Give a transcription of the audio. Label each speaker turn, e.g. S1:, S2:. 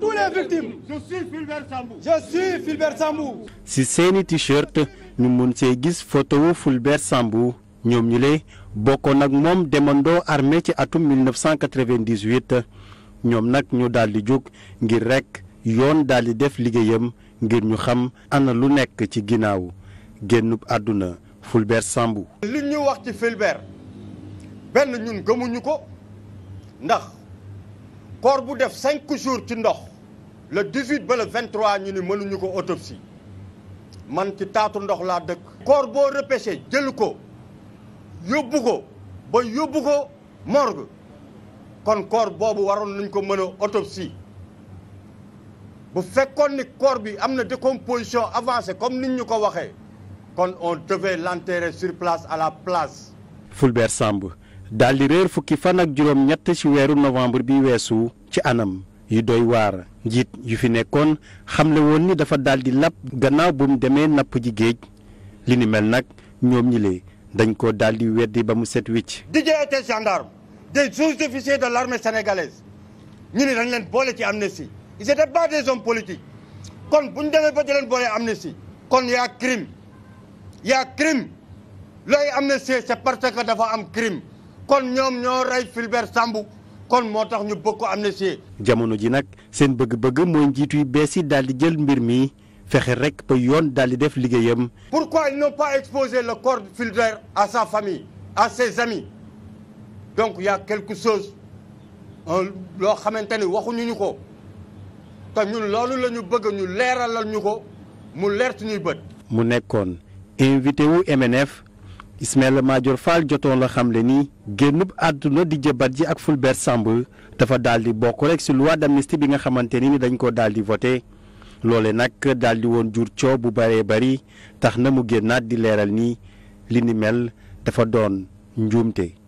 S1: ci les victimes.
S2: Je seeni t ñu mun see gis photo wu Fulbert Sambou ñoom ñu lay bokkoon moom demandoo armée ci atum 1998 ñoom nag ñu daldi jóg ngir rekk yoon daldi def liggéeyam ngir ñu xam ana lu nekk ci ginnaaw génnub àdduna Fulbert Sambou.
S1: li ñu wax ci Fulbert benn ñun gëmuñu ko ndax. corps bu def cinq jours ci ndox le 18 ba le 23 ñu ni mënuñu ko autopsie man ci taatu ndox laa dëkk. corps boo repêché jël ko yóbbu ko ba yóbbu ko morgue kon corps boobu waroon nañ ko mën a autopsie bu fekkoon ni koor bi am na décomposition avancée comme nit ñu ko waxee kon on devait l'enterrer sur place à la place.
S2: Fulbert Samb. daal di réer fukki fan ak juróom-ñett ci weeru novembre bi weesu ci anam yu doy waar njiit yu fi nekkoon xamle woon ni dafa daal di lab gannaaw bu mu demee napp ji géej li ni mel nag ñoom ñile dañ ko daal di ba mu set wicc.
S1: Didier était gendarme des sous-officiers de l'armée sénégalaise ñu ne dañ leen boole ci amnistie ils étaient pas des hommes politiques kon bu ñu demee ba di leen boole amnistie kon yaa crime yaa crime looy amnistie c'est parce dafa am crime. kon
S2: ñoom ñoo rey Fulbert Sambou kon moo tax ñu bëgg ko amnistie jamono ji nag seen bëgg-bëgg mooy njiitu yu bees yi daal di jël mbir mii fexe rek ba yoon daal di def liggéeyam.
S1: pourquoi ils n'ont pas exposé le corps de Fulbert à sa famille à ses amis donc y a quelque chose euh, loo xamante ni waxuñu ñu ko te ñun loolu lañu bëgg ñu leeralal ñu ko
S2: mu leer suñuy bët. mu nekkoon invité wu MNF. Ismaïla Madior Fall jotoon la xamle ni génnub àdduna Didier ji ak Fulbert samb dafa daal di bokk rek si loi d'amnistie bi nga xamante ni ni dañ ko daal di voté loole nag daal di woon jur coow bu bëree bari tax na mu génnaat di leeral ni li ni mel dafa doon njuumte.